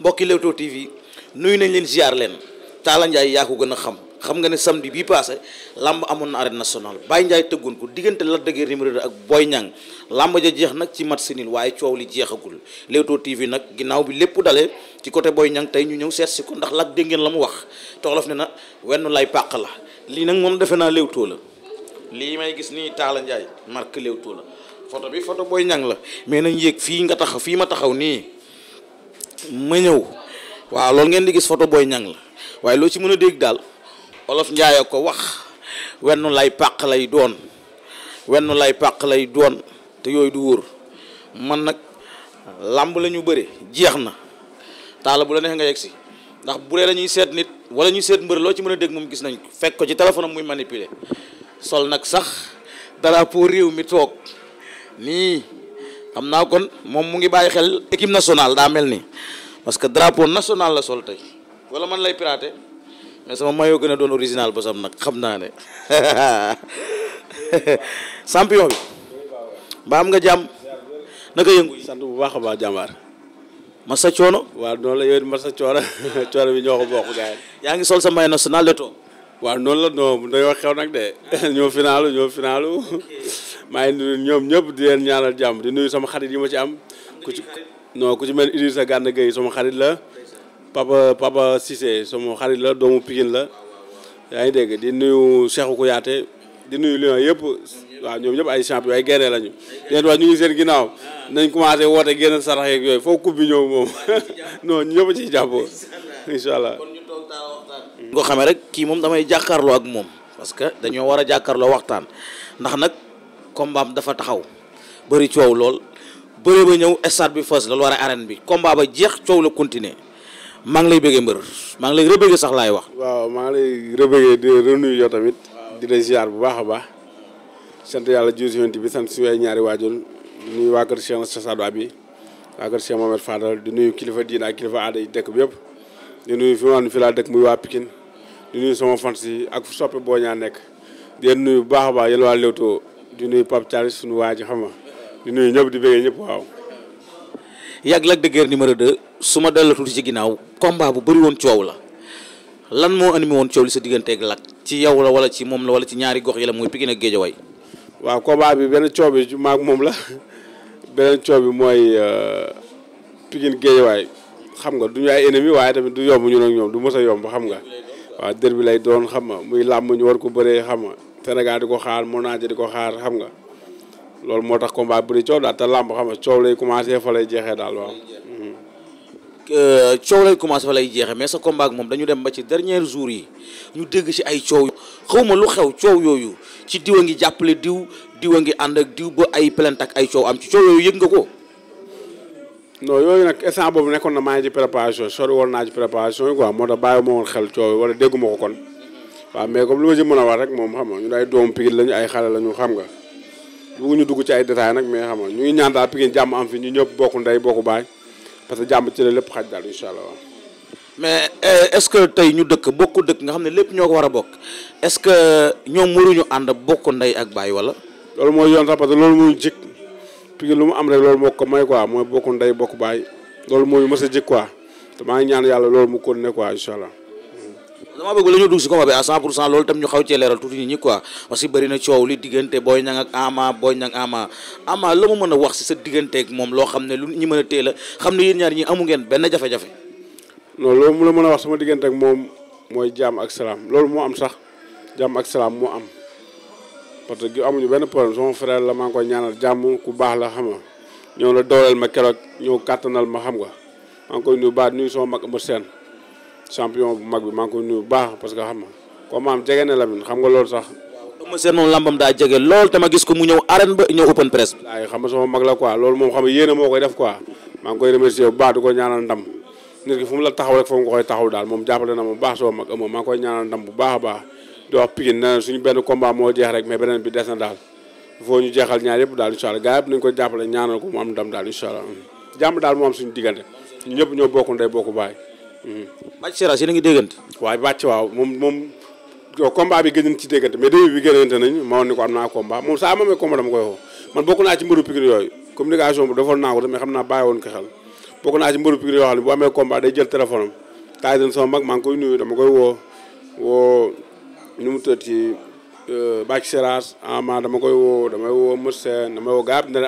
mbokki Leewtoo TV nuyu nañ leen ziar leen Talla Ndiaye yaa ko gën a xam xam nga ne samedi bii passé làmb amoon na arène nationale Baye Ndiaye tëggoon ko diggante la de Guiers numéro 2 ak Boy Niang làmb ja jeex nag ci mat nul waaye coow li jeexagul Leewtoo TV nag ginnaaw bi lépp dale ci côté Boy Niang tey ñu ñëw seet si ko ndax Lac dégg ngeen la mu wax toolof ne na wenn lay pàq la lii nag moom defe naa Leewtoo la lii may gis nii Talla Ndiaye marque Leewtoo la photo bi photo Boy la mais nañ yéeg fii nga taxaw fii ma taxaw nii ma ñëw waaw loolu ngeen di gis photo booy ñang la waaye loo ci mën a dégg daal olof njaay ko wax wenn lay pàq lay doon wenn lay pàq lay doon te yooyu du wóor man nag làmb la ñu bëri jeex na taala bu la neex nga yegg si ndax bu dee dañuy seet nit wala ñuy seet mbër loo ci mën a dégg moom gis nañ ko fekk ko ci téléphone muy manipuler sol nag sax dara pour réew mi toog nii xam naa kon moom mu ngi bàyyi xel équipe nationale daa mel nii parce que drapeau national la sol tey wala man lay piraté mais sama maillot gën a doon original ba sam nag xam naa ne champion bi ba nga jàmm naka yëngu sant bu baax a baax jàmbaar masa coono waaw noonu la ma sa coono coono bi ñoo ko bokk yaa ngi sol sa maillot national to waaw noonu la non dañoo xew nag de ah. ñoo finaalu ñoo finaalu maa ngi nuyu ñoom ñëpp di leen ñaanal jàmm di nuyu sama xarit yi ma ci am ku ci non ku ci mel Idrissa Gana Gueye sama xarit la Papa Papa Cissé sama xarit la doomu Pikine la yaa ngi dégg di nuyu Cheikhou Kouyaté di nuyu lion yëpp waaw ñoom ñëpp ay champion ay gaynde lañu ñeent wax ñu ngi seen ginnaaw nañ commencé woote génn sarax yeeg yooyu foo coupe bi ñëw moom non ñu ñëpp ciy jàppoo incha allah ñu ko xamee rek kii moom damay jàkkaarloo ak moom parce que dañoo war a jàkkaarloo waxtaan ndax nag kombaam dafa taxaw bëri coow lool bëri ba ñëw stade bi fës loolu war a arène bi combat ba jeex coow la continuer maa ngi lay bëggee mbër maa ngi lay rëbëggee sax laay wax waaw maa lay rëbëggee di renuyu yow di la ziar bu baax a baax sant yàlla jiw si bi sant suñu ñaari waajur di nuyu bi waa kër Cheikh di nuyu kilifa diina ak kilifa aada yi dëkk bi muy waa Pikine di nuyu sama fans boo ñaa nekk di leen nuyu baax a baax yéen waa Leewtoo di suñu waa ji xam nga di nuyu ñëpp di bëggee ñëpp waaw. yàgg Lac de Guiers de su ma delloo tuuti ci ginnaaw combat bu bari woon coow la lan moo animé woon coow li sa digganteeg Lac ci yow la wala ci moom la wala ci ñaari gox yi la muy Pikine ak Guédiawaye waaw combat bi benn coow bi maak moom la beneen coow bi mooy euh, Pikine waay xam nga du ñu ay ennemi waaye tamit du yomb ñu ak ñoom du mës yomb xam nga waaw dër bi lay doon xam nga muy làmb ñu war ko bëree xam nga Sénégal di ko xaar monage di ko xaar xam nga loolu moo tax combat bëri coow daal te làmb xam nga coow lay commencé fa lay jeexee daal waaw Euh, coow lay commencé fa lay jeexe mais sa combat ak moom dañu dem ba ci dernier jour yi ñu dégg ci ay coow ma lu xew coow yooyu ci diw a ngi jàppale diw diw a ngi ànd ak diw ba ay plainte ak ay coow am ci coow yooyu yëg nga ko non yooyu nag instant boobu nekkoon na maa ngi ci préparation sori woon naa ci préparation yi quoi moo tax bàyyi ma xel coow wala dégguma ko kon waaw mais comme lu ma ci mën a wax rek moom xam nga ñu ay doom Pikine lañu ay xale lañu xam nga bëgguñu dugg ci ay détails nag mais ñu ñaan daal jàmm am fi ñu ñëpp bokku ndey bokku baay parce que jàmm ci la lépp xaj daal incha allah. mais eh, est-ce que tey ñu dëkk bokku dëkk nga xam ne lépp ñoo ko war a bokk est-ce que ñoom waruñu ànd bokk ndey ak baay wala. loolu mooy yoon sax parce que loolu mooy jik Pikine lu mu am rek loolu moo ko may quoi mooy bokku ndey bokk baay loolu mooy mës a jik quoi te maa ñaan yàlla loolu mu kon ne quoi incha allah. dama bëgg la ñu dugg si combat bi a 100 pour cent loolu tam ñu xaw cee leeral tuuti ñi quoi parce que bëri na coow li diggante Boy Niang ak Ama Boy Niang Ama Ama la mu mën a wax si sa digganteeg moom loo xam ne lu ñi mën a téye la xam ñaar ñi amu ngeen benn jafe-jafe non loolu mu la mën a wax sama diggante ak moom mooy jaam ak salaam loolu moo am sax jaam ak salaam mu am parce que amuñu benn problème sama frère la maa ngi koy ñaanal jàmm ku baax la xam ñoo ñëw la dooleel ma keroog ñëw kàttanal ma xam nga ma ngi koy nuyu baax nuyu sama seen champion bu mag bi maa ngi ko nuyu bu baax parce que xam nga comme maam jege na Lamine xam nga loolu sax. ma gis ko mu ñëw arène ba mag la quoi loolu moom xam yéene moo koy def quoi maa koy ko ñaanal ndam nit ki fu mu la taxaw rek foofu nga koy taxaw daal moom jàppale na ma bu baax sama mag Eumeu maa ngi koy ñaanal ndam bu baax a baax di wax Pikine na suñu benn combat moo jeex rek mais beneen bi des na daal il ñu jeexal ñaar yëpp daal incha allah gars yëpp nañu ko jàppale ñaanal ko mu am ndam daal incha allah jàmm daal moo am suñu diggante ñëpp ñoo bokk ndey bokk baay bàcc Seras yéen a ngi déggante. waaye bàcc waaw moom moom combat bi gën nañ ci déggante mais début bi gënante nañ ma woon ko am naa saa ma amee combat koy woo bokk naa ci mbëru Pikine yooyu communication bu defoon naa ko mais xam naa bàyyi woon ko xel bokk naa ci mbëru Pikine yoo xam ne bu amee combat day jël téléphone am taay dañ ngi koy nuyu dama koy woo mu tëdd ci euh, bàcc Seras ama ah, dama koy woo damay woo Moussen damay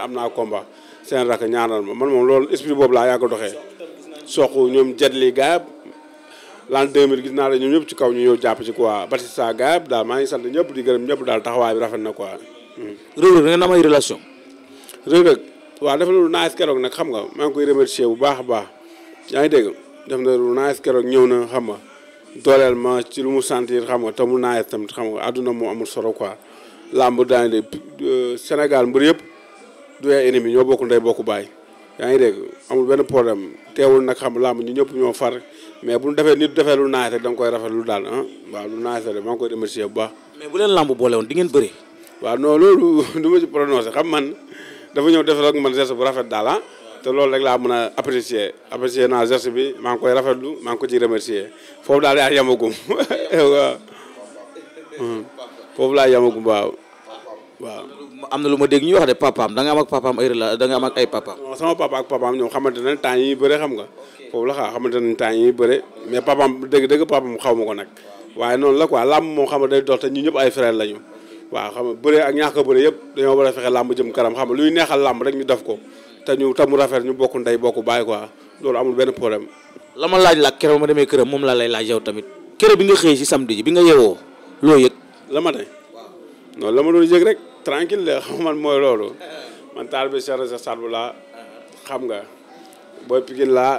am naa combat seen rakk ñaanal ma man moom loolu esprit boobu laa yàgg doxee soq ñoom Jadli Gaab l'an 2000 gis naa la ñoom ñëpp ci kaw ñu ñëw jàpp ci quoi Batista Gaab daal maa ngi sant ñëpp di gërëm ñëpp daal taxawaay bi rafet na quoi. Reug Reug da ngeen am ay relation. keroog nag xam nga maa ngi koy remercier bu baax a baax yaa ngi dégg def na lu naaj keroog ñëw na xam nga dooleel ma ci lu mu sentir xam nga te mu naaj tam xam nga àdduna moo amul solo quoi làmb daañu euh, de Sénégal mbir yëpp du ay ennemi ñoo bokk ndey bokk baay. yaa ngi dégg amul benn problème teewul nag xam làmb ñu ñëpp ñoo far mais bu ñu defee nit defee lu naaj rek da nga koy rafet lu daal ah waaw lu naaj rek maa koy remercier bu baax. mais bu leen làmb boole woon di ngeen bëri. waaw non loolu du ma xam man dafa ñëw def rek man geste bu rafet daal ah. te loolu rek laa mën a apprécier apprécier naa geste bi maa ngi koy rafetlu maa ngi ko ciy remercier foofu daal yaay yamagum hmm. foofu laa yamagum waaw waaw. am na lu ma dégg ñuy wax de papaam da am ak papaam ay rela da nga am ak ay papaam. non sama ak papaam ñoom ma ko nag waaye noonu la quoi làmb moo xam ne day dox te ñu ñëpp ay frère lañu waaw xam nga bëre ak ñaax ko bëre yëpp a fexe làmb jëm kanam xam nga luy neexal làmb rek ñu def ko te ñu tamu rafet ñu bokk ndey bokk bàyyi quoi la la keroog ma demee këram moom laa lay laaj yow tamit keroog bi nga xëy si samedi bi nga yewoo loo yëg la ma day non la ma doon yëg rek tranquille la xam man mooy loolu man taalibe Cheikh laa xam nga booy Pikine laa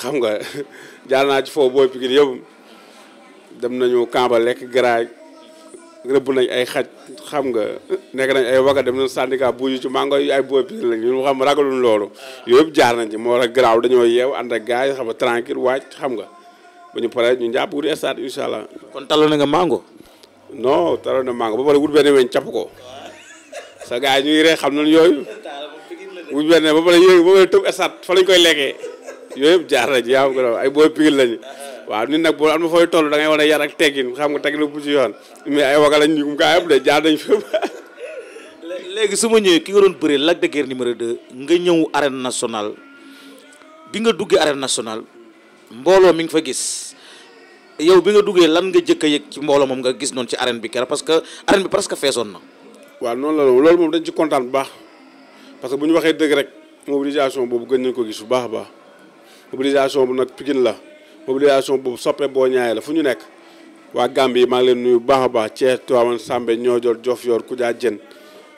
xam nga jaar naa ci foofu booy Pikine yëpp dem nañu kamba lekk garaaj rëbb nañ ay xaj xam nga nekk nañ ay waga dem nañ syndicat buuju ci mango ay booy Pikine lañ ñu xam ragaluñ loolu yooyu yëpp jaar nañ ci moo tax garaaw dañoo yeew ànd ak gars yi xam nga tranquille waaj xam nga bu ñu paree ñu jàpp wut stade incha allah. kon taloon na nga mango. non taloon na mango ba pare wut benn weñ ko. sa gars yi ñuy ree xam nañ yooyu buñ benn ba pare yooyu ba pare tëb esat fa lañ koy lekkee yooyu yëpp jaar nañ yaa ko ay booy pigil lañu waaw nit nag boo am na fooy toll da ngay war a yar ak teggin xam nga teggin bu ci yoon mais ay waga lañ ñu gaa yëpp de jaar nañ fépp léegi su ma ñëwee ki nga doon bëree Lac de Guiers numéro 2 nga ñëw arène nationale bi nga duggee arène nationale mbooloo mi nga fa gis yow bi nga duggee lan nga jëkk a yëg ci mbooloo moom nga gis noonu ci arène bi kera parce que arène bi presque feesoon na waaw noonu la loolu moom dañ ci kontaan bu baax parce que bu ñu waxee dëgg rek mobilisation boobu gën nañ ko gis bu baax baax mobilisation bu nag Pikine la mobilisation boobu soppe boo ñaayee la fu ñu nekk waa Gambie yi maa ngi leen nuyu bu baax a baax Thiès Tivaouane Sambe Niodior ku jaa jën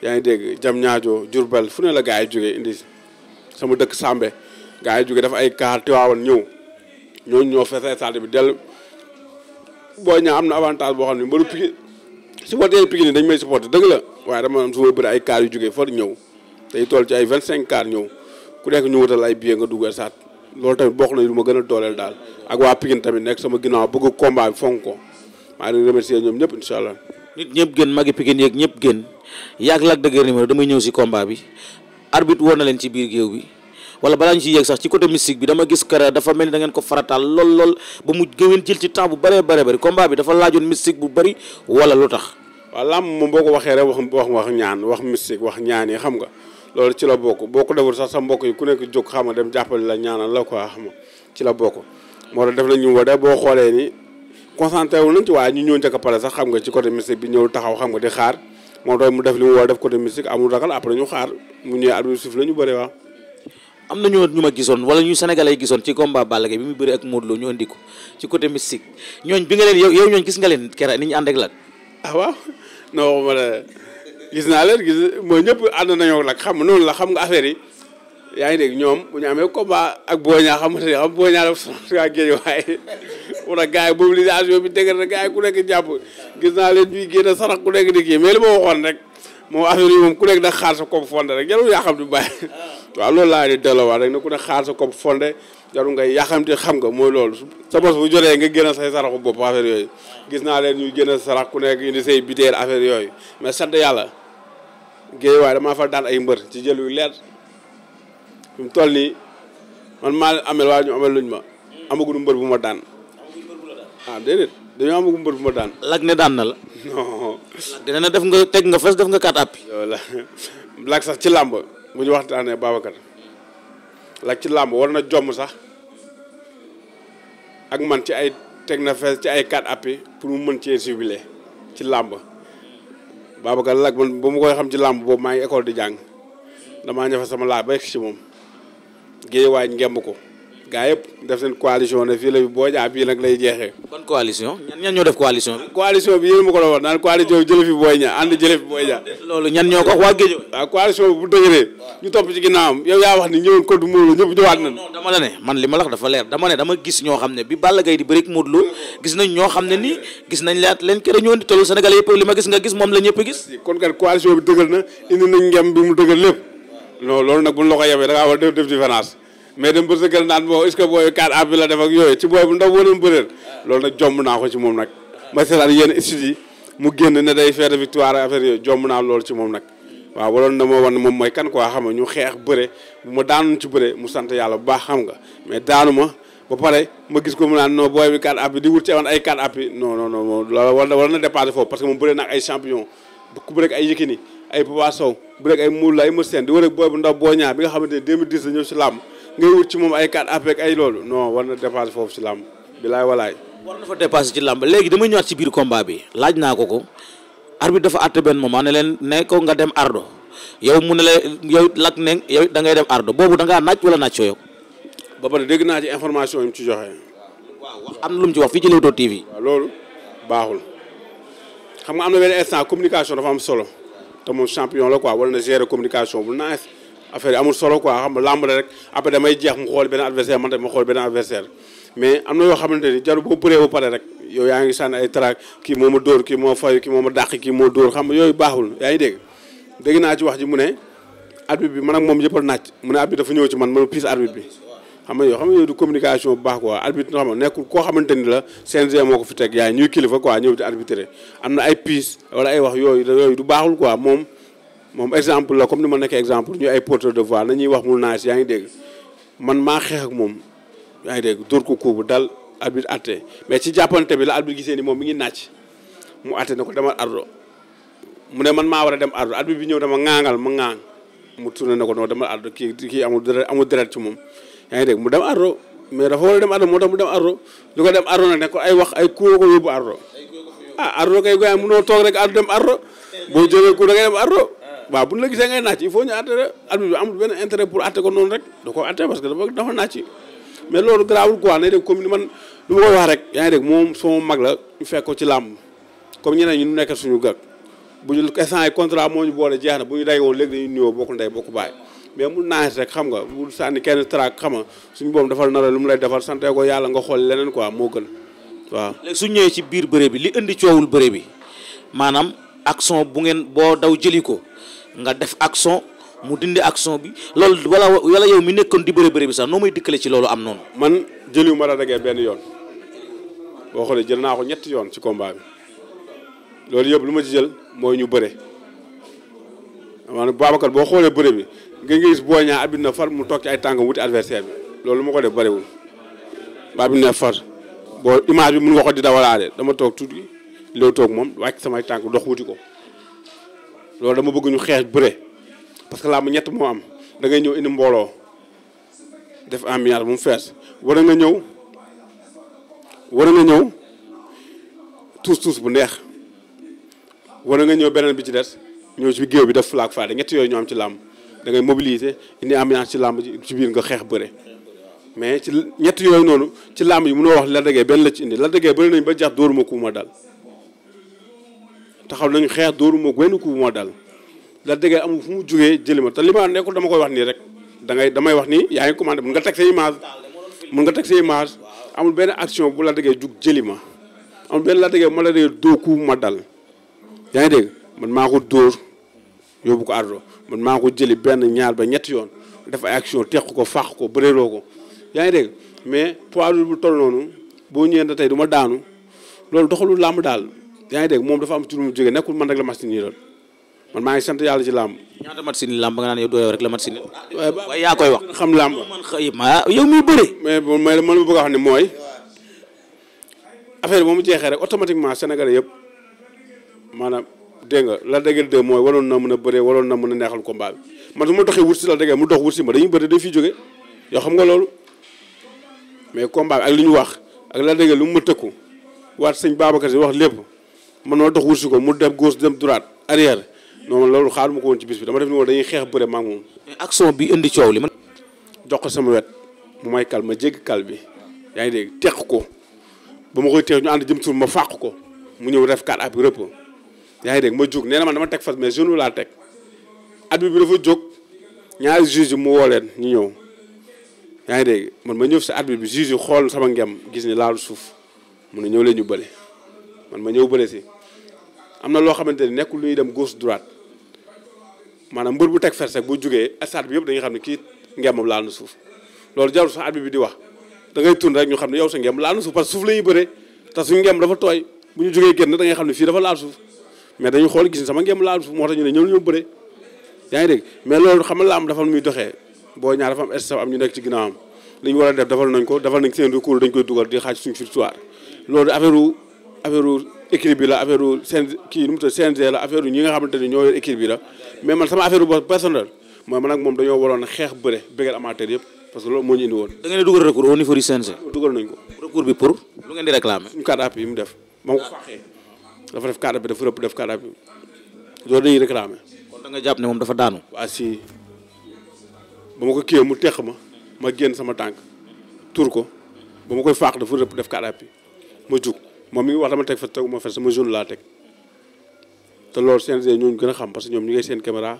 yaa ngi dégg jam Diamniadio Diourbel fu ne la gaa yi jóge indi sama dëkk Sambe gars yi jóge dafa ay kaar Tivaouane ñëw ñooñu ñoo feesee stade bi dellu boo ñaa am na avantage boo xam ne mbaru Pikine supporter Pikine dañ may supporter dëgg la waaye dama am su ma bëri ay kaar yu jógee far ñëw tey tool ci ay vingt cinq kaar ñëw ku nekk ñu wutal ay billet nga dugg saat loolu tamit bokk nañu lu ma gën a dooleel daal ak waa Pikine tamit nekk sama ginnaaw bëgg combat bi fonk ko maa ngi leen remercier ñoom ñëpp incha allah. nit ñëpp gën magi Pikine yeeg ñëpp gën yàgg lak dëgër numéro damay ñëw si combat bi arbitre woon na leen ci biir géew bi. wala balaa ñu yéeg sax ci côté mystique bi dama gis kara dafa mel ni da ngeen ko farataal lool lool ba mu gëwén jël ci temps bu bëree bëri bëri combat bi dafa laajoon mystique bu bëri wala waaw làmb moom boo ko waxee rek wax wax ñaan wax mystique wax ñaan yi xam nga loolu ci la bokk boo ko deful sax sa mbokk yi ku nekk jóg xam nga dem jàppale la ñaanal la quoi xam nga ci la moo tax def nañ ñu boo xoolee ni concentré wu nañ ñu ñëw njëkk a pare sax xam nga ci côté mystique bi ñëw taxaw xam nga di xaar moo tax mu def li mu war def côté mystique amul la après ñu xaar mu ñëwee at bi suuf la ñu bëri waaw am na ñoo ñu ma gisoon wala ñu sénégalais yi gisoon ci combat Balla Gaye bi mu bëri ak Modou Lo ñu andi ko ci côté mystique ñooñ bi nga leen yow yow ñooñ gis nga leen kera ni ñu ànd ak lan ah na non waxuma la gis naa leen gis mooy ñëpp ànd nañoo nag xam noonu la xam nga affaire yi yaa ngi dégg ñoom bu ñu amee combat ak booñaa xamante ne xam booñaa dafa sonn waa géej waaye wala bi dëgër na gars yi ku nekk jàpp gis naa leen ñuy génn sarax ku nekk di kii mais li ma waxoon rek moom affaire yi moom ku nekk da xaar sa kopp fonde rek jarul yaa xam du bàyyi ah. waaw loolu laa di delloowaat rek ne ku ne xaar sa kopp fonde jarul nga yàqamte xam nga mooy loolu sa bos bu jotee nga génn say saraxu bopp affaire yooyu gis naa leen ñu génn sarax ku nekk indi say biteel affaire yooyu mais sant yàlla géej waaye damaa fa daan ay mbër ci jël yu leer fi mu toll nii man maa amel waaye ñu amel luñ ma amaguñu mbër bu ma daan ah déedéet dañoo amagu mbër bu ma daan lak ne daan na la non def nga teg nga fes def nga kat appi wala lak sax ci làmb mu ñu waxtaanee Babacar laaj ci làmb war na jomm sax ak man ci ay teg na fees ci ay quatre appuis pour mu mën cee jubilé ci làmb Babacar Lac man ba mu koy xam ci làmb boobu maa ngi école di jàng damaa ñëw sama laaj ba egg si moom géejewaay ngemb ko. gaa yëpp def seen coalition ne fii la boo jaa bii nag lay jeexee. coalition ñan ñan ñoo def coalition bi. ñan ñoo ko coalition bi ñu topp ci ginnaawam yow yaa wax ni ñëwaat nañ. non man li ma la dafa leer dama ne dama gis ñoo xam ne bi Balla Gaye di bëri ak Modou gis nañ ñoo xam ne nii gis nañ laat leen kër ñëwoon di tollu Sénégal yëpp li ma gis nga gis moom la ñëpp gis. kon kat coalition bi dëgër na indi nañ ngem bi mu dëgër lépp non loolu nag buñ mais dem bërsëgal naan moo est-ce que booy bi ndaw wala mu bëreel loolu nag jomb naa ko ci moom nag ma seetaan yenn studio mu génn ne day fête victoire affaire yooyu jomb naa lool ci moom nag waaw waloon na ma moom mooy kan quoi xam nga ñu xeex bëre bu ma yàlla bu baax xam nga mais daanu ma ba pare gis ko mu naan non booy bi kaat ab bi di wut ci amoon ay kaat ab bi non non non loolu war na foofu parce que moom bëre nag ay champion ku bëre ay Yékini ay Papa Sow bëre ay Modou ay Eumeu Sène di wër booy bu ndaw boo ñaar bi nga xamante ne 2010 la ngay wut ci moom ay 4 appeek ay loolu non war na dépassé foofu ci làmb bilaay walaay. war na fa dépassé ci làmb léegi damay ñëwaat ci biir combat bi laaj naa ko ko arbitre dafa àtte benn moment ne leen ne nga dem ardo yow mu ne la yow lak ne yow da ngay dem ardo boobu da ngaa naaj wala naaj yow. ba pare dégg naaj information yi mu ci joxe. waaw wax am na lu mu ci wax fii ci Leewtoo TV. waaw loolu baaxul xam nga am na benn instant communication dafa solo te moom champion la quoi wala communication bu nice affaire yi amul solo quoi xam nga làmb la rek après damay jeex mu xool benn adversaire man tamit ma xool benn mais am na yoo xamante ni jaru boo bëree ba pare rek yow yaa ngi sànni ay traak kii moo ma dóor kii moo fay kii moo ma dàq kii moo dóor xam nga yooyu baaxul yaa ngi dégg dégg naa ci wax ji mu ne arbitre bi man ak moom yëppal naaj mu ne arbitre dafa ñëw ci man man piis arbitre bi xam yoo xam nga bu baax quoi arbitre xam nga nekkul koo xamante ni la CNG moo ko fi teg yaay ñuy kilifa quoi ñëw di arbitré am na ay piis wala ay wax yooyu yooyu du baaxul quoi moom moom exemple la comme ni ma nekkee exemple ñu ay porteur de voix nañuy wax mu naaj yaa ngi dégg man maa xeex ak moom yaa ngi dégg dóor ko kuubu dal arbitre atte mais ci jàppante bi la arbitre gisee ni moom mu ngi naaj mu atte na ko demal ardo mu ne man maa war a dem ardo arbitre bi ñëw dama ŋaangal ma ŋaang mu tourné na ko non demal ardo kii kii amul deret amul deret ci moom yaa ngi dégg mu dem ardo mais dafa war dem ardo moo tax mu dem ardo lu ko dem ardo nag ne ko ay wax ay kuu ko yóbbu ardo ah, rek ardo dem ardo boo jëlee kuu da waaw bu ñu la gisee ngay nàcc il faut ñu àtte arbitre bi amul benn intérêt pour àtte ko noonu rek da ko àtte parce que dafa dafa nàcc mais loolu garaawul quoi nay dégg comme ni man lu ma koy wax rek moom sama mag la ñu fekk ko ci làmb comme ñeneen ñu nekk suñu gag bu ñu instant yi contrat moo ñu boole jeex na bu ñu day woon léegi dañuy nuyoo bokk ndey bokk baay mais mu naaj rek xam nga bu sànni kenn traak xam nga suñu boom defal nara lu mu lay defal sante ko yàlla nga xool leneen quoi moo gën waaw léegi suñ ñëwee ci biir bëre bi li indi coowul bëre bi maanaam action bu ngeen boo daw jëli ko nga def action mu dindi action bi loolu wala wala yow mi nekkoon di bëre bëre bi sax noo may dikkale ci loolu am noonu. man jëliw ma la dagee benn yoon boo xoolee jël naa ko ñetti yoon ci kombaa bi loolu yëpp lu ma ci jël mooy ñu bëre maanaam Babacar boo xoolee bëre bi nga gis boo ñaa abit na far mu toog ci ay tàngam wuti adversaire bi loolu ma ko de bëriwul ba abit na far boo image bi mun nga ko di dawalaale dama toog tuuti léew toog moom wàcc samay tànk dox wuti ko. loolu dama bëgg ñu xeex bëre parce que làmb ñett moo am dangay ñëw indi mbooloo def ambiance bu mu fees war nga ñëw war nga ñëw tuus tuus bu neex war nga ñëw beneen bi ci des ñëw ci géew bi def flag fade ñett yooyu ñoo am ci làmb dangay ngay mobiliser indi ambiance ci làmb ci biir nga xeex bëre mais ci ñett yooyu noonu ci làmb yi mënoo wax la dëggee benn la ci indi la dëggee bëri nañ ba jax dóoruma ku ma dal taxaw nañu xeex dóoruma wenn ku moo dal la dëggee amul fu mu jógee jëli ma te li ma nekkul dama koy wax nii rek da damay wax nii yaa ngi commandé mun nga teg sa image nga teg sa image amul benn action bu la dëggee jug jëli ma amul benn la dëggee ma la dëggee dóor ku ma dal yaa ngi dégg man maa ko dóor yóbbu ko ardo man maa ko jëli benn ñaar ba ñetti yoon def ay action ko faax ko bëreeroo ko yaa mais poids bu toll noonu boo ñëwee tey du daanu loolu doxalu làmb daal yaa ngi moom dafa am tur mu jógee nekkul man rek la match nii lool man maa ngi sant yàlla ci làmb. ñaata match nii làmb nga naan yow doo yow rek la match nii. waaye yaa xam làmb. man ma ah, yow miy bëre. mais man man ma bëgg ne mooy affaire bi mu jeexee rek automatiquement Sénégalais yëpp maanaam dégg nga la dëgg de mooy waroon na mën a bëree waloon na mën a neexal combat bi man su ma doxee wut si la dëgg mu dox wut si ma dañuy bëri dañ fiy jóge yoo xam nga loolu mais combat ak li ñu wax ak la dëgg lu mu ma tëkku waat sëñ Babacar si wax lépp man ma dox wursi ko mu dem gauche dem droite arrière non loolu xaaruma ko woon ci bis bi dama def ni woon dañuy xeex bëre maa ngi moom. indi coow li man. jox ko sama wet mu may kal ma jéggi kal bi yaa ngi dégg teq ko ba ma koy teex ñu ànd jëm suuf ma fàq ko mu ñëw def kaat ab rëpp yaa ngi dégg ma jóg neena na man dama teg fas mais jeune laa teg at bi bi dafa jóg ñaari juge mu woo leen ñu ñëw yaa ngi dégg man ma ñëw si at bi bi juge xool sama ngem gis ni laalu suuf mu ne ñëw ñu bële. man ma ñëw bëre si am na loo xamante ni nekkul lu ñuy dem gauche droite maanaam mbër bu teg fers rek bu jugee stade bi yëpp dañuy xam ne kii ngembam laal na suuf loolu jarul sax arbitre bi wax da ngay tourné rek ñu xam ne yow sa ngemb laal na suuf parce que suuf la ñuy bëree te suñu ngemb dafa tooy bu ñu jugee génn da xam ne fii dafa laal suuf mais dañuy xool gis ni sama ngemb laal suuf moo tax ñu ne ñoom ñoo bëree yaa ngi dégg mais loolu xam nga la am dafa muy doxee boo ñaar dafa am staff am ñu nekk ci ginnaawam li ñu war a def defal nañ ko defal nañ seen recours dañ koy dugal di xaaj suñu victoire loolu affaire équipe bi la affaire CNG kii nu mu tudd CNG la affaire ñi nga xamante ni ñoo yor équipe bi la mais man sama affaire bopp personnel mooy man ak moom dañoo waroon xeex bëre bëggal amateur yëpp parce que loolu moo ñu woon. da ngeen di bi pour lu ngeen di réclamer. suñu yi mu def ba mu dafa def def carte d'appui loolu dañuy réclamer. kon da nga jàpp ne moom dafa daanu. waa si ba ma ko kiiyee mu teq ma ma génn sama tànk tur ko ba ma koy faax dafa rëpp def carte d'appui ma jug. moom mi ngi wax dama teg fa teguma fa sama zone laa teg te loolu CNG ñooñu gën a xam parce que ñoom ñu ngi seen caméra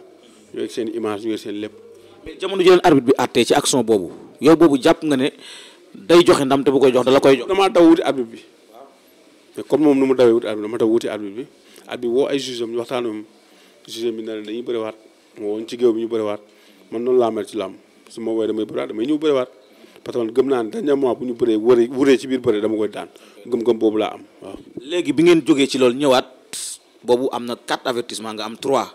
ñu ngi seen image ñu ngi seen lépp. mais jamono ji leen arbitre bi àttee ci action boobu yow jàpp nga ne day joxe ndam te bu koy jox da koy jox. damaa daw wuti arbitre bi mais comme moom nu mu dawee wuti arbitre dama daw wuti arbitre bi arbitre woo ay juge am ñu waxtaan moom juge bi ne la dañuy bëriwaat moo woon ci géew bi ñu bëriwaat man noonu laa mel ci làmb su ma woowee damay bëriwaat damay ñëw bëriwaat. parce que gëm naa ne dañ mois bu ñu bëree wëree wëree ci am waaw. léegi bi ngeen jógee ci na am trois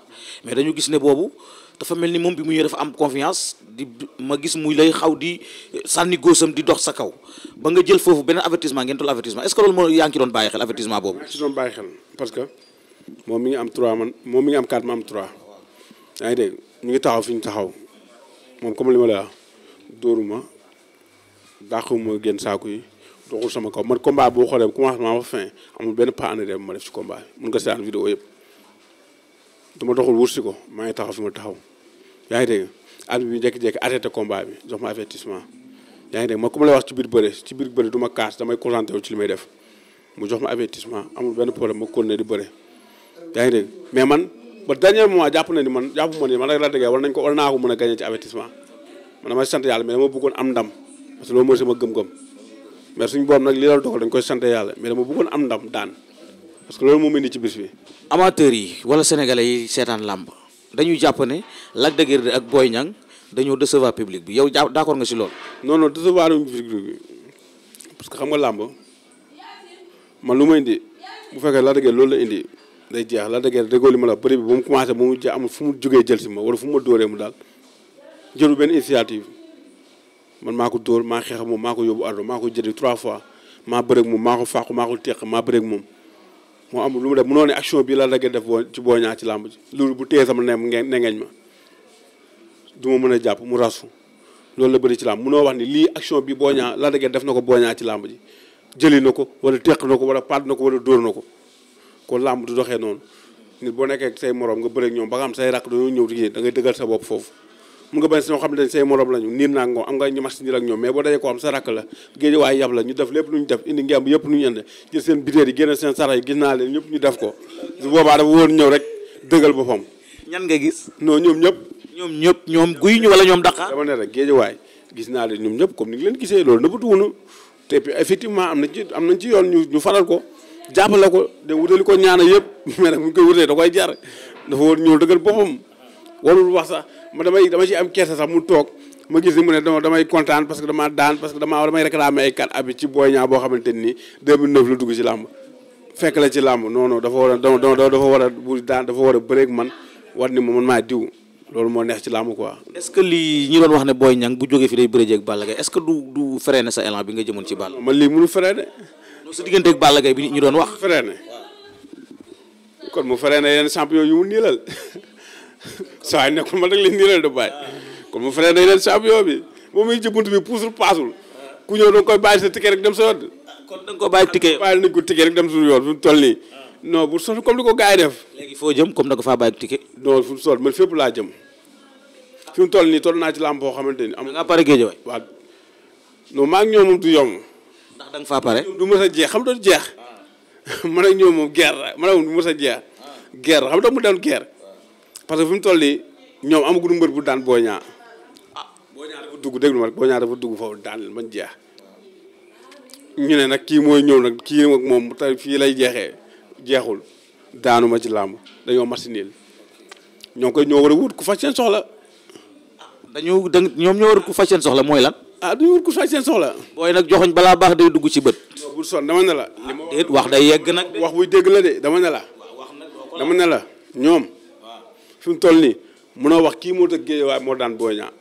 mais dañu gis ne boobu dafa mel ni moom bi mu ñëwee dafa am confiance di ma gis muy lay xaw di sànni góosam di dox sa kaw ba nga jël foofu benn avertissement ngeen toll avertissement est ce que loolu moo yaa ngi ci doon bàyyi xel avertissement boobu. que moom mi ngi am trois man moom mi am quatre ma am trois yaa ngi dégg ngi taxaw fi ñu taxaw moom comme li ma la dóoruma dàquma génn saako yi doxul sama kaw man combat boo xoolee commencement ba fin benn pas en ma def ci combat bi mun nga seetaan vidéo yëpp dama ko maa ngi taxaw fi taxaw yaa ngi dégg at bi jékki-jékki bi jox ma avertissement yaa ngi dégg man wax ci biir bëre ci biir bëre du ma kaas damay concentré ci li may def mu jox ma avertissement amul benn problème ma continuer man ba dernier ma man rek la déggee war nañ ko war naa ko mën a gagné ci avertissement man damay sant yàlla mais dama am ndam parce que loolu mooy sama gëm-gëm mais suñ borom nag li la dogal dañ koy sant yàlla mais dama bëggoon am ndam daan parce que loolu moom indi ci bis bi. amateurs yi wala sénégalais yi seetaan làmb dañuy jàpp ne Lac de ak Boy Niang dañoo décevoir public bi yow ja d'accord nga si loolu. non non décevoir bi parce que xam nga làmb man lu ma indi bu fekkee Lac de loolu la indi day jeex Lac de Guiers li ma la bëri bi ba mu commencé ba mu jeex amul fu mu jógee jël si ma wala fu mu ma dóoree mu daal jëlu benn initiative. man maa ko dóor maa xeex moom maa ko yóbbu ardo maa ko jëli trois fois maa bëreeg moom maa ko fàqu maa ko teq maa bëreeg moom moo amul lu mu def munoo ne action bii boo ci booñaa ci làmb ji loolu bu téye sama ne nengeeñ du ma mën a jàpp mu rasu la bëri ci làmb munoo wax ni lii action bi booñaa la dagge def na ko booñaa ci làmb ji jëli na ko wala teq na ko wala paat na ko wala dóor na ko kon làmb doxee noonu nit boo nekkee say moroom nga bëreeg ñoom ba nga xam say rakk dañoo ñëw di da ngay dëggal sa bopp foofu mun nga bañ si ñoo xam ne say morom lañu niir naa ngoo am nga ñu mas niir ak ñoom mais boo dajee ko am sa rakk la géej yab la ñu def lépp lu ñu def indi ngemb yëpp ñu ñëpp ñu def ko su boobaa dafa woon ñëw rek dëggal naa leen ñoom comme ni ngi leen gisee loolu ñu ñu faral ko jàppale ko de wutali ko ñaana da koy jar dafa war boppam warul wax sax ma damay dama ci am kersa sax mu toog ma gis ni mu ne damay kontaan parce que damaa daan parce que damaa damay réclamer ay kat abi ci Boy Niang boo xamante nii 2009 la dugg ci làmb fekk la ci làmb non non dafa war a dafa war a bu daan dafa war a bëreeg man war ni ma man maa diw loolu moo neex ci làmb quoi. est ce que lii ñi doon wax ne Boy Niang bu jógee fi day bëree jeeg Balla Gaye est ce que du du freiné sa bi nga jëmoon ci Balla. ma lii mënu freiné. sa diggante ak Balla Gaye bi ñu doon wax. freiné kon mu freiné yeneen champion yu mu niilal saa yi nekkul ma dag leen nii leen di bàyyi kon mu frère day leen champion bi moom mi ngi ci bunt bi puusul paasul ku ñëw da nga koy bàyyi sa ticket rek dem sa yoon. kon da ko bàyyi ticket bàyyi nañ ko dem suñu yoon mu toll nii non bu sol comme ni ko gars yi def léegi foo jëm comme da nga faa bàyyi ticket non fu mu sol man fépp laa jëm fi mu toll nii toll naa ci làmb boo xamante ni am nga pare géej waay waaw non maa ngi ñoom moom du yomb ndax da faa pare du mës a jeex xam doon jeex ah. mën a ñoom moom guerre man a moom du mës a jeex ah. guerre xam doon mu doon guerre parce que fi mu toll nii ñoom amaguñu mbër bu daan Boy Niang ah Boy Niang dafa dugg déglu ma rek Boy dafa dugg foofu daan leen bañ ne nag kii mooy ñëw nag kii moom tey fii lay jeexee jeexul daanu ma ci làmb dañoo machine ñoo koy ñoo war a wut ku faj seen soxla. dañu da ñoom ñoo war ku faj soxla mooy lan. ah du ñu ku faj seen soxla. booy nag joxoñ balaa baax day dugg ci bët. bu son dama ne la. wax day yegg nag. wax buy dégg la de dama ne la. dama ne la ñoom. fi mu toll nii munoo wax kii moo tëgg Guédiawaye moo daan Boy Niang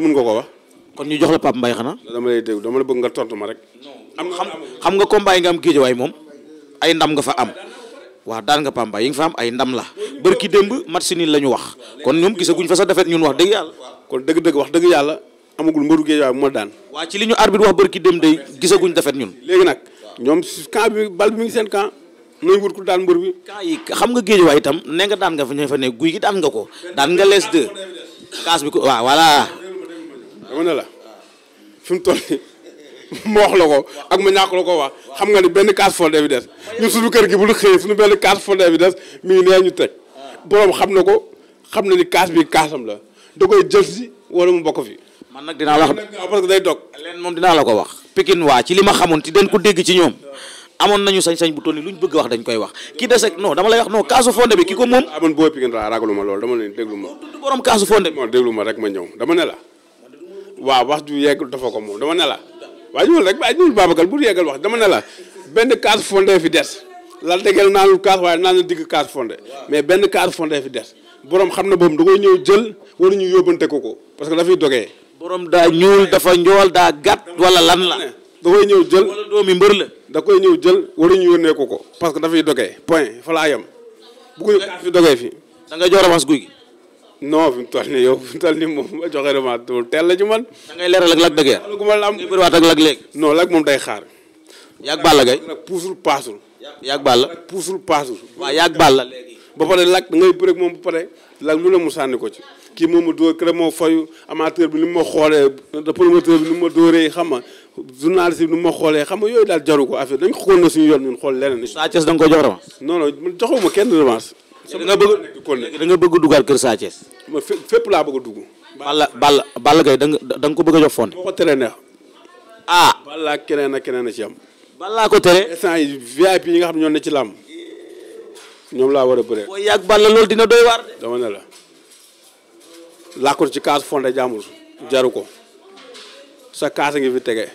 mun nga ko wax. kon ñu jox la Pape Mbaye xanaa. dama lay dégg dama la bëgg nga tontu ma rek. am xam xam nga combat yi nga am Guédiawaye moom ay ndam nga fa am. waaw daan nga Pape yi nga fa am ay ndam la bërki démb match nii la ñu wax kon ñoom gisaguñ fa sa defet ñun wax dëgg yàlla. kon dëgg-dëgg wax dëgg yàlla amagul mbëru Guédiawaye bu ma daan. waa ci li ñu arbitre wax bërki démb day gisaguñ defet ñun. léegi nag ñoom camp bal bi mi seen camp nooy wut ku daan mbër bi. cas xam nga géej waay itam ne nga daan nga fa ñëw fa ne guy gi daan nga ko daan nga les deux kaas bi ko waa voilà. dama ne la fi mu toll ma wax la ko ak ma ko la ko wax xam nga ni benn carte for d'évidence ñun suñu kër gi bu ñu xëyee suñu benn carte for d'évidence mi ñu teg borom xam na ko xam na ni kaas bi kaasam la da koy jël si wala mu bokk fi. man nag dinaa la wax parce moom dinaa la ko wax. Pikine waa ci li ma xamoon ci den ko dégg ci ñoom. amoon nañu sañ-sañ bu toll nii lu ñu bëgg wax dañ koy wax ki dese non dama lay wax non kaasu fonde bi ki ko moom. amoon boo Pikine laa dama leen déglu waaw wax ju yegg dafa ko moom dama ne la waaye ñëwul rek waaye ñëwul Babacar bu yeggal wax dama la benn kaasu fonde fi des la déggal naanul kaas waaye naan la digg kaasu fonde mais benn kaasu fonde fi des borom xam na boobu da koy ñëw jël ñu yóbbante ko ko parce que dafay dogee borom daa ñuul dafa njool daa gàtt wala lan la da koy ñëw jël wala doomi mbër la da koy ñëw jël waruñu yónnee ko ko parce que dafay dogee point fa laa yem bëgguñu fi dogee fii da ngay jox revanche guy gi non fi mu toll yow fi mu toll nii moom joxe revanche dul teel la ci man da ngay leeral ak lak dëgg yàlla gu ma la moom day xaar yaag bàll gay nag puusul paasul yaag bàll puusul paasul waaw yaag bàll léegi ba pare lak da ngay moom ba pare lak lu la mu sànni ko ci kii moom ma dóor kële moo fayu amateur bi ni mu ma xoolee promoteur bi ni mu ma dóoree xam nga journaliste mu ma xoolee xam nga yooyu daal jaru ko affaire dañ xool na yoon ñun xool leneen. Sa Thiès da nga ko jox revanche. non non joxuma kenn revanche. da bëgg da kër Sa Thiès. ma fé fépp laa bëgg a dugg. Balla Balla Balla Gaye da nga nga ko bëgg a jox fonde. moo ko tere neex. ah. Balla keneen ak keneen a ci am. Balla ko tere. instant yi VIP yi nga xam ñoon ne ci làmb ñoom laa war a bëree. boo yàgg Balla loolu dina doy waar de. dama la. làkkut ci kaasu fonde jàmbur jaru ko sa kaas ngi fi tege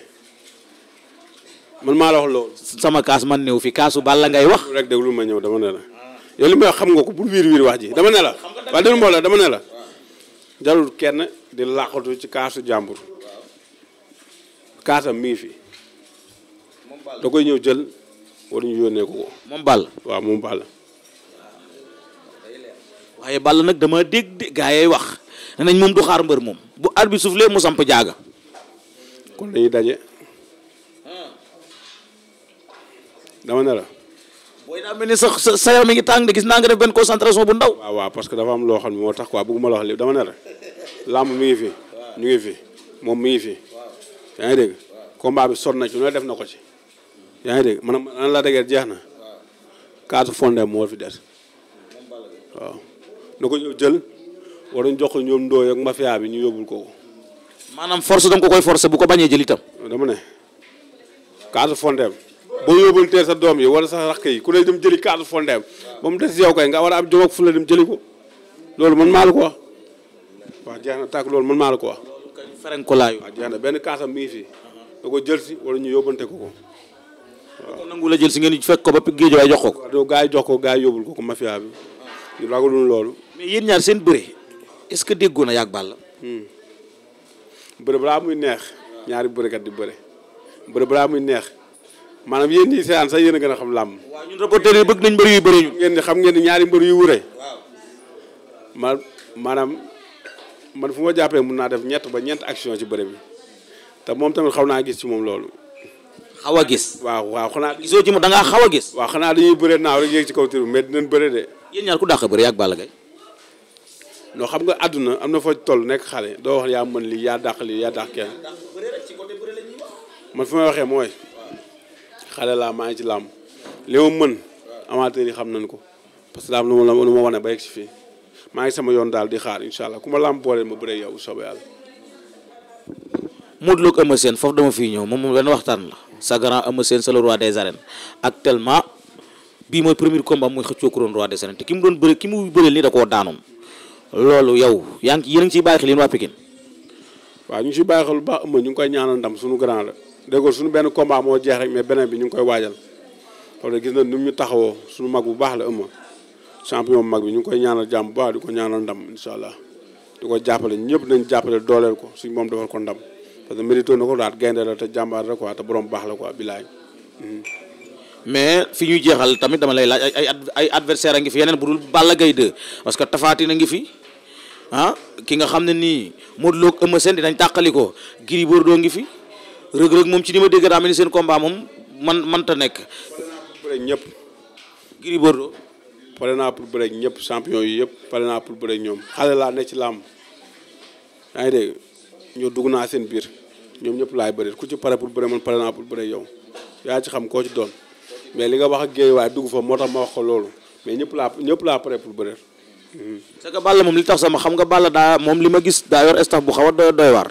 man maa la wax sama kaas man new fii kaasu Balla ngay wax. rek déglu ma ñëw dama ne la yow may xam nga ko bu wiir wiir wax ji dama ne la waaye dama ne la jarul kenn di làkkatu ci kaasu jàmbur kaasam mi fi da koy ñëw jël wala ñu yónnee waaye Balla nag dama dégg gaa wax. ne nañ moom du xaar mbër moom bu arbitre soufflé mu samp jaaga. kon dañuy daje. dama ne la. booy daa mel ni sax sa sa yaram mi tàng de gis naa nga def benn concentration bu ndaw. waaw parce que dafa am loo xam ne moo tax ko bëgguma la wax lépp dama ne la. làmb mi ngi fi. ñu ngi fi moom mi ngi fi. yaa ngi dégg combat bi sonn na ci ne def na ko ci. yaa ngi dégg man man la dëgër jeex na. kaatu fondé moo fi des. waaw na ko jël. waroon jox ko ñoom ndooy bi ñu yóbbul ko maanaam force danga ko koy forcer bu ko bañee jël itam. dama ne carte fondeem boo sa doom yi wala sa rakk ku ne dem jëli carte fondeem ba mu war a loolu man maa ko wax waaw jeex na tàkk loolu ko wax. benn kaasam mi ko jël si wala ñu yóbbante ko ko. waaw kon nangu la jël si ngeen fekk ko ba géej waay jox ko ko. jox ko gaa yóbbul ko ko mafia bi ñu ragaluñu loolu. mais yéen ñaar est ce que déggoo na yàgg Balla. Hmm. bëre balaa muy neex ñaari bërekat di bëre bëre balaa muy neex maanaam yéen ñii séance sax yéen gën a xam làmb. waaw ñun reporter nañ mbër yu bëre ñu. ngeen di xam ngeen ni ñaari mbër yu wure. ma maanaam man fu ma jàppee mun naa def ñett ba ñeent action ci bëre bi te moom tamit xaw naa gis ci moom loolu. xaw a gis. waaw waaw xanaa. gisoo ci ma da ngaa xaw a gis. waaw xanaa dañuy bëree naaw rek yéeg ci kaw tur mais dinañ bëre de. yéen ñaar ku dàq bëre yàgg Balla Gaye non xam nga àdduna am na fa toll nekk xale doo wax yaa mën lii yaa dàq lii yaa dàq kenn man fi may waxee mooy xale laa maa ngi ci làmb li ma mën amateur yi xam nañ ko parce que daam lu ma lu ma wane ba yegg si fii maa ngi sama yoon daal di xaar incha allah ku ma làmb boole ma bëree yow soobee yàlla. Modou Lo ak Eumeu Sène foofu dama fiy ñëw moom moom benn waxtaan la sa grand Eumeu Sène c'est le roi des arènes actuellement bii mooy premier combat muy xëccoo couronne roi des arènes te ki mu doon bëri ki mu bëreel nii da daanoon. loolu yow yan ngi yéen a ngi ciy bàyyi xel yéen waa Pikine waaw ñu si ciy bàyyi xel bu baax ëmb ñu ngi koy ñaanal ndam suñu grand la déggoo suñu benn combat moo jeex rek mais beneen bi ñu ngi koy waajal loolu gis na nu ñu taxawoo suñu mag bu baax la ëmb champion bu mag bi ñu ngi koy ñaanal jàmm baax di ko ñaanal ndam incha allah di ko jàppale ñëpp nañ jàppale dooleel ko suñ moom defal ko ndam parce na ko daal gaynde jàmbaar la quoi te borom baax la quoi bilaay hmm. mais fi ñuy jeexal tamit dama lay laaj ay ay adversaire a ngi fi yeneen bu dul Balla gay 2 parce que Tapha Tine a ngi fi ah ki nga xam ne nii Modou Lo ak Eumeu Sène dinañ tàqali ko Gris doo ngi fi Reug Reug moom ci ni ma dégg daa ni seen combat moom man mënta nekk. pare ñëpp. Gris Bordeaux. pare naa pour bëre ñëpp champion yi yëpp pare naa pour bëre ñoom xale laa ne ci làmb yaa ngi dégg ñoo dugg naa seen biir ñoom ñëpp laay bëri ku ci pare pour bëre man pare naa pour bëre yow yaa ci xam koo ci doon mais li nga wax ak géey waaye dugg fa moo tax ma wax ko loolu mais ñëpp laa pour bëre. c'est que Balla moom li tax sama xam nga Balla daa moom li ma gis daa yor staff bu xaw a doy doy waar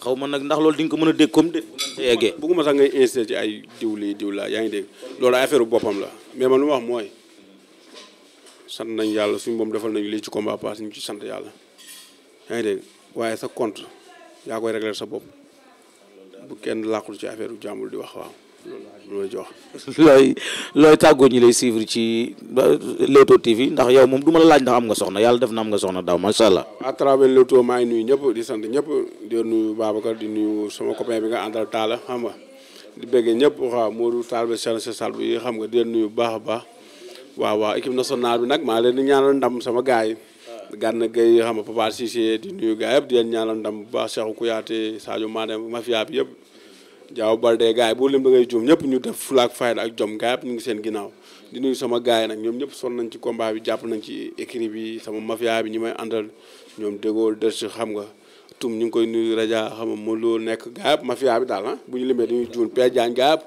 xaw ma nag ndax loolu di nga ko mën a dégg comme de bu yeggee bugguma sax ngay insisté ci ay diw lii diw laa yaa ngi dégg loolu affaire bu boppam la mais man lu ma wax mooy sant nañ yàlla suñu moom defal nañu lii ci combat pass ñu ci sant yàlla yaa ngi dégg waaye sa compte yaa koy régler sa bopp bu kenn làqul ci affaire bu jàmbul di wax waaw loolu jox looy looy tàggoo ñi lay suivre ci Leewtoo TV ndax yow moom duma la laaj ndax am nga soxna yàlla def na am nga soxna daaw macha allah. à travers Leewtoo maa ngi nuyu ñëpp di sant ñëpp di nuyu Babacar di nuyu sama copain bi nga àndal Talla xam nga di bëggee ñëpp waaw Modou Talla ba Serigne Sall xam nga di nuyu baax a baax waaw waaw équipe nationale bi nag maa leen di ñaanal ndam sama gars yi. gànn gay xam nga Papa Cissé di nuyu gars yëpp di leen ñaanal ndam bu baax Cheikhou Kouyaté Sadio Mané mafia bi yëpp. Diao Baldé gars yi boo lim da ngay juum ñëpp ñu def fulaak fayda ak jom gars ñu ngi seen ginnaaw di nuyu sama gars yi nag ñoom ñëpp sonn nañ ci combat bi jàpp nañ ci écrit bi sama mafia bi ñi may àndal ñoom déggoo dërsi xam nga tum ñu ngi koy nuyu raja xam nga nekk gars yi mafia ah, bu ñu limee dañuy juum Père Diagne gars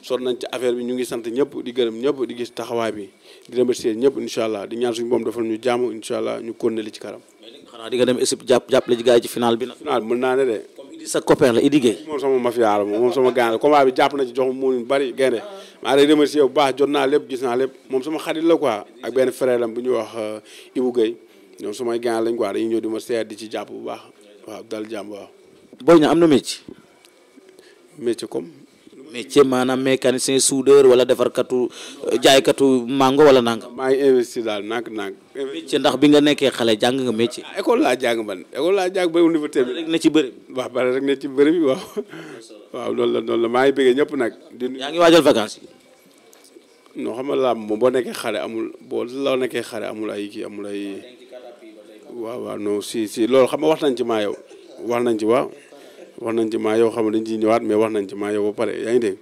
yi sonn nañ ci affaire bi ñu ngi sant ñëpp di gërëm ñëpp gis taxawaay bi di remercier ñëpp incha ñu jàmm incha allah ñu kónneli ci karam xanaa di nga dem naa ne de sa copain la Idi Gueye moom sama mafia la moom sama gaañ la combat bi jàpp na ci jox ma muun bëri gaynde maa lay remercier bu baax jot naa lépp gis naa lépp moom sama xarit la quoi ak benn frère lam bu ñuy wax euh, Ibou Gueye su samay gaañ lañ quoi dañuy ñëw di ma seet di ci jàpp bu baax waaw dal jàmm waaw. Boy Niang am na métier. métier comme. métier maanaam mécanicien soudeur wala defarkatu euh, jaaykatu mango wala nangam. maa ngi investi daal nànk nànk. métier ndax bi nga nekkee xale jàng nga métier. Ah, école laa jàng man école laa jàng ba au niveau tamit. rek ne ci bëri. waaw bare rek ne ci bëri waaw. waaw loolu la loolu maa ngi bëggee ñëpp nag. yaa ngi waajal vacances noo xam nga làmb moom boo nekkee xale amul boo loo nekkee xale amul ay kii amul waaw waaw non si si loolu xam nga wax nañ ci ma yow wax nañ ci waaw. wax nañ ci maa yow xam ne dañ ciy ñëwaat mais wax nañ ci maa yow ba pare yaa ngi dégg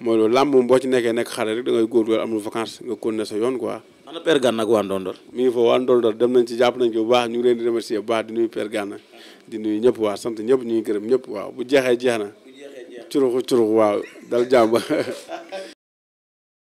mooy loolu làmb moom boo ci nekkee nekk xale rek da ngay góor góor amul vacance nga continuer sa yoon quoi ana Père Gana ak waa Ndondor mi ngi foofu waa Ndondor dem nañ ci jàpp nañ ko baax ñu ngi leen di remercier bu baax di nuyu Père Gana di nuyu ñëpp waa sant ñëpp ñu ngi gërëm ñëpp waaw bu jeexee jeex na curuxu curuxu waaw dal jàmm